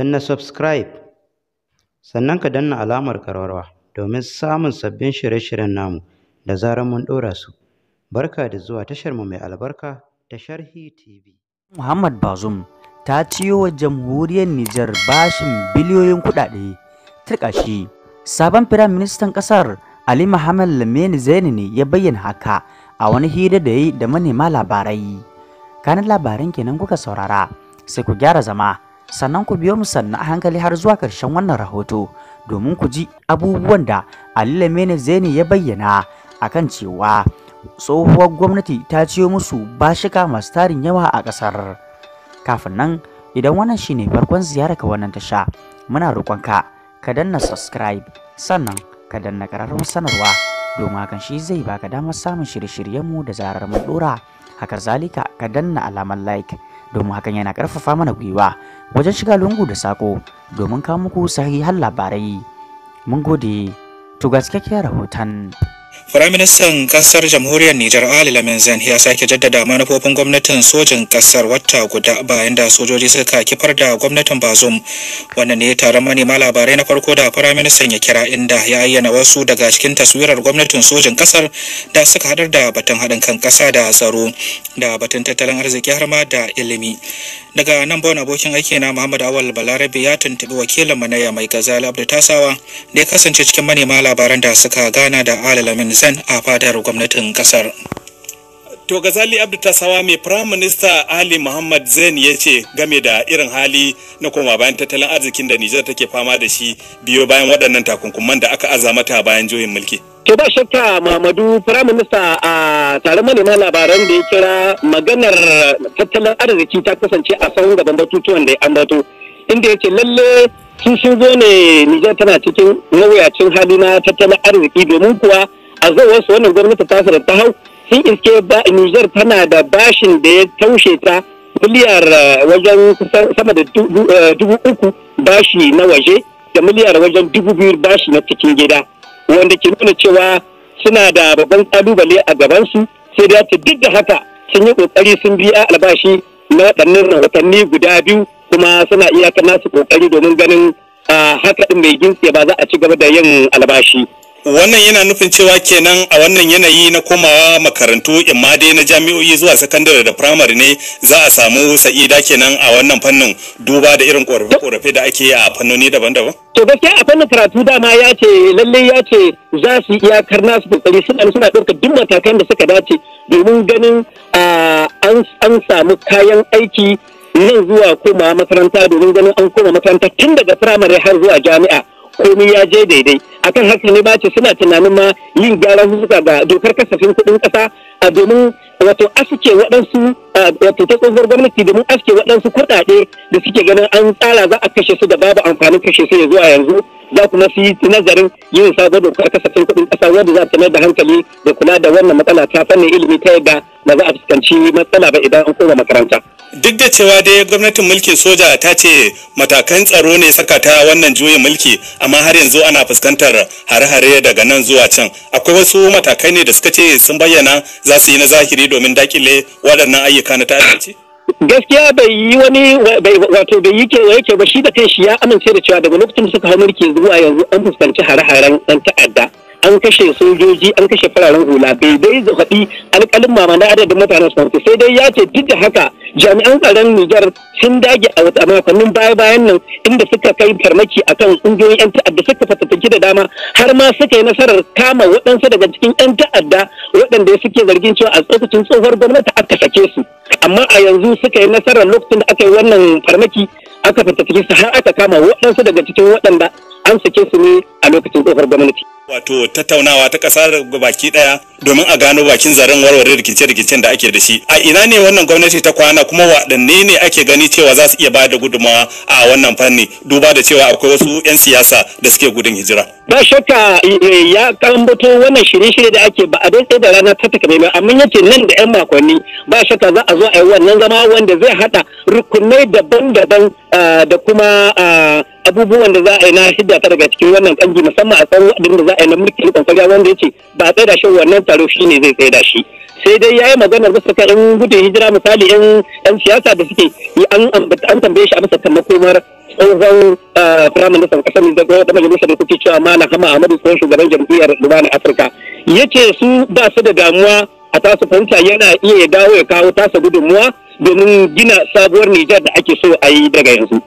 na subscribe sannan ka danna alamar karwarwa domin samun sabbin shirye-shiryen namu da zarar mun ɗora su barka da zuwa tashar mu mai albarka ta sharhi tv muhammad bazum ta ciyo wa jamhuriyar nijar bashin biliyoyin kuɗaɗe turkashi sabon firaministan ƙasar ali muhammad lamini zaini ne ya bayyana haka a wani hira da yi da manema labarai kanin labarin kenan kuka saurara sai ku gyara zama sannan ku biyo mu sannan a hankali har zuwa ƙarshen wannan rahoto domin ku ji abubuwan da Ali Lamene Zeni ya bayyana akan cewa tsohuwar gwamnati ta ciyo musu bashika masu tarin yawa a ƙasar. Kafin nan idan wannan shine farkon ziyara ka wannan tasha muna roƙonka ka danna subscribe sannan ka danna ƙararrawar sanarwa domin hakan shi zai baka damar samun shirye-shiryenmu da zarar mun ɗora. haka zalika ka danna alamar like domin hakan yana karfafa mana gwiwa wajen shiga lungu da sako domin kawo muku sahihan labarai mun gode to gaskiya rahoton Firaministan kasar jamhuriyar Nijar Ali Lamin ya sake jaddada manufofin gwamnatin sojin kasar wata guda bayan da sojoji suka kifar da gwamnatin Bazoum. Wannan ne taron manema labarai na farko da Firaministan ya kira inda ya ayyana wasu daga cikin taswirar gwamnatin sojin kasar da suka hadar da batun haɗin kan ƙasa da tsaro da batun tattalin arziki har ma da ilimi. Daga nan wani abokin aiki na Muhammad Awal Balarabe ya tuntuɓi wakilin manaya mai gazali Abdu Tasawa da ya kasance cikin manema labaran da suka gana da Ali Lamin Hassan a fadar gwamnatin kasar. To Gazali Abdu Tasawa mai Prime Minister Ali Muhammad Zain ya ce game da irin hali na koma bayan tattalin arzikin da Nijar take fama da shi biyo bayan waɗannan takunkuman da aka aza mata bayan juyin mulki. To ba shakka Mamadu Prime Minister a tare manema labaran da ya kira maganar tattalin arziki ta kasance a sauran gaban batutuwan da ya ambato inda ya ce lalle sun zo ne Nijar tana cikin mawuyacin hali na tattalin arziki domin kuwa a zauwarsu wannan gwamnati ta da ta hau sun iske ba Nijar tana da bashin da ya taushe ta miliyar eh, wajen sama da eh, dubu uku bashi na waje da miliyar wajen dubu biyu bashi na cikin gida wanda ke nuna cewa suna da babban kalubale a gabansu sai da ta duk da haka sun yi kokari sun biya albashi na waɗannan rahotanni guda biyu kuma suna iyakar nasu kokari domin ganin ah, haka ɗin mai gintse ba za a ci gaba da yin albashi. wannan yana nufin cewa kenan a wannan yanayi na komawa makarantu ma dai na jami'o'i zuwa sakandare da firamare ne za a samu sa'ida kenan a wannan fannin duba da irin korafe da ake yi a fannoni daban-daban to gaske a fannin karatu dama ya ce lalle ya ce za su iyakar nasu kokari suna suna ɗaukar duk matakan da suka dace domin ganin an samu kayan aiki nan zuwa komawa makaranta domin ganin an koma makaranta tun daga firamare har zuwa jami'a komai ya je daidai akan haka ne ba ce suna tunanin ma yin gyaran hukuka ga dokar kasafin kuɗin ƙasa a domin wato aske waɗansu wato ta tsohuwar gwamnati domin aske waɗansu kuɗaɗe da suke ganin an tsara za a kashe su da babu amfanin kashe su ya zuwa yanzu za kuma su yi nazarin yin sabon dokar kasafin kuɗin ƙasa wanda za ta mai da hankali da kula da wannan matsala ta fannin ilimi ta yadda ba za a fuskanci matsala ba idan an koma makaranta. duk da cewa dai gwamnatin mulkin soja ta ce matakan tsaro ne saka ta wannan juyin mulki amma har yanzu ana fuskantar hare-hare daga nan zuwa can akwai wasu matakai ne da suka ce sun bayyana za su yi na zahiri domin dakile waɗannan ayyuka na ta'addanci gaskiya bai yi wani wato bai yi kewa yake ba shi da kai shi ya amince da cewa daga lokacin da suka hau mulki zuwa yanzu an fuskanci hare-haren ɗan ta'adda an kashe sojoji an kashe fararen hula bai dai faɗi alƙalin mama na adadin mutanen su sai dai ya ce duk da haka jami'an tsaron Nijar sun dage a makonnin baya-bayan nan inda suka kai farmaki akan ƙungiyoyin 'yan ta'adda suka fatattaki da dama har ma suka yi nasarar kama waɗansu daga cikin 'yan ta'adda waɗanda suke zargin cewa a tsokacin tsohuwar gwamnati aka sake su amma a yanzu suka yi nasarar lokacin da aka yi wannan farmaki aka fatattaki su har aka kama waɗansu daga cikin waɗanda an sake su ne a lokacin tsohuwar gwamnati. wato tattaunawa ta kasar baki daya domin a gano bakin zaren warware rikice-rikicen da ake da shi a ina ne wannan gwamnati ta kwana kuma waɗanne ne ake gani cewa za su iya da gudunmawa a wannan fanni duba da cewa akwai wasu 'yan siyasa da suke gudun hijira ba shakka eh, ya kambato wannan shirye-shirye da ake ba a dai da rana ta mai amma yake nan da 'yan makonni ba shakka za a zo a yi wannan zama wanda zai hada rukunai daban-daban ah, da kuma ah, abubuwan da za a yi na shidda ta daga cikin wannan kanji musamman a tsaro abin da za a yi na mulkin kansariya wanda ya ce ba a tsaida shi wannan taro shi ne zai tsaida shi sai dai ya yi magana maganar suka in gudun hijira misali yan siyasa da suke an tambaye shi a bisa kan makomar tsohon eh, firaministan kasar da da majalisar da kuke cewa mana hama ahmadu tsohon shugaban jam'iyyar na afirka ya ce su ba su da damuwa a tasu fahimta yana iya ya dawo ya kawo tasa gudunmuwa domin gina sabuwar nijar da ake so a yi daga yanzu.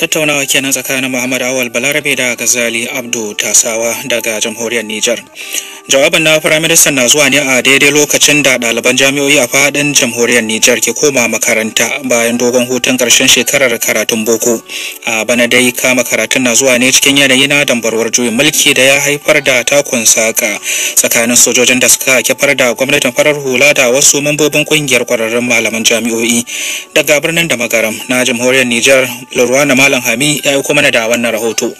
tattaunawa kenan tsakanin muhammad awal balarabe da gazali abdu tasawa daga jamhuriyar niger Jawabin na Firaministan na zuwa ne a daidai lokacin da ɗaliban jami'o'i a fadin jamhuriyar Nijar ke koma makaranta bayan dogon hutun karshen shekarar karatun boko. A bana dai kama karatun na zuwa ne cikin yanayi na dambarwar juyin mulki da ya haifar da takun saka tsakanin sojojin da suka kifar da gwamnatin farar hula da wasu mambobin ƙungiyar ƙwararrun malaman jami'o'i. Daga birnin da magaram na jamhuriyar Nijar, Lurwana Malam Hami ya yi kuma da wannan rahoto.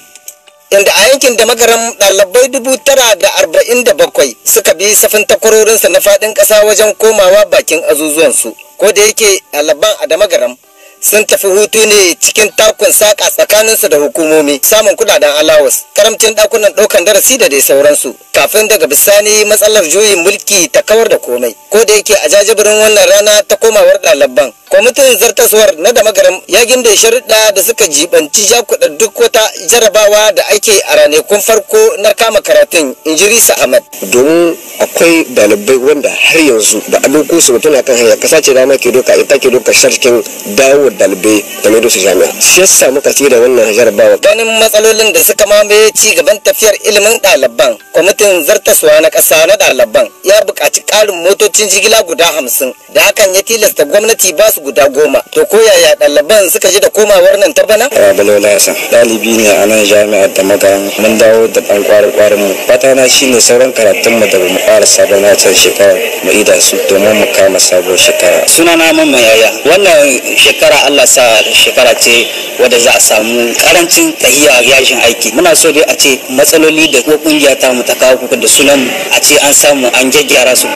inda a yankin da magaran ɗalibai dubu tara da arba'in da bakwai suka bi safin takwarorinsa na faɗin ƙasa wajen komawa bakin azuzuwansu ko da yake ɗaliban a da magaran sun tafi hutu ne cikin takun saƙa tsakaninsu da hukumomi samun kudaden alawas karamcin ɗakunan ɗaukan darasi da dai sauransu kafin daga bisani matsalar juyin mulki ta kawar da komai ko da yake a jajibirin wannan rana ta komawar ɗaliban kwamitin zartaswar na damagaram ya ginda sharuɗa da suka jibanci jakuɗa duk wata jarabawa da ake a ranakun farko na kama karatun injirisa ahmad domin akwai dalibai wanda har yanzu da a su mutum kan hanya kasa ce dama ke doka ita ke doka sharkin dawo dalibai da mai dosa jami'a shi yasa muka ci da wannan jarabawa ganin matsalolin da suka mamaye ci gaban tafiyar ilimin ɗaliban kwamitin zartaswa na ƙasa na ɗaliban ya buƙaci ƙarin motocin jigila guda hamsin da hakan ya tilasta gwamnati ba su guda goma to ko yaya ɗaliban suka ji da komawar nan ta bana. ya san ɗalibi ne a nan jami'ar da magana. mun dawo da ɗan kwarin kwarin mu fata na shine sauran karatun mu da bamu fara sabon na can shekara mu ida su domin mu kama sabon shekara. Suna na mun Mamman Yaya wannan shekara Allah sa shekara ce wadda za a samu karancin tahiya yashin aiki muna so dai a ce matsaloli da ko kungiya ta mu ta kawo da sunan a ce an samu an gyaggyara su.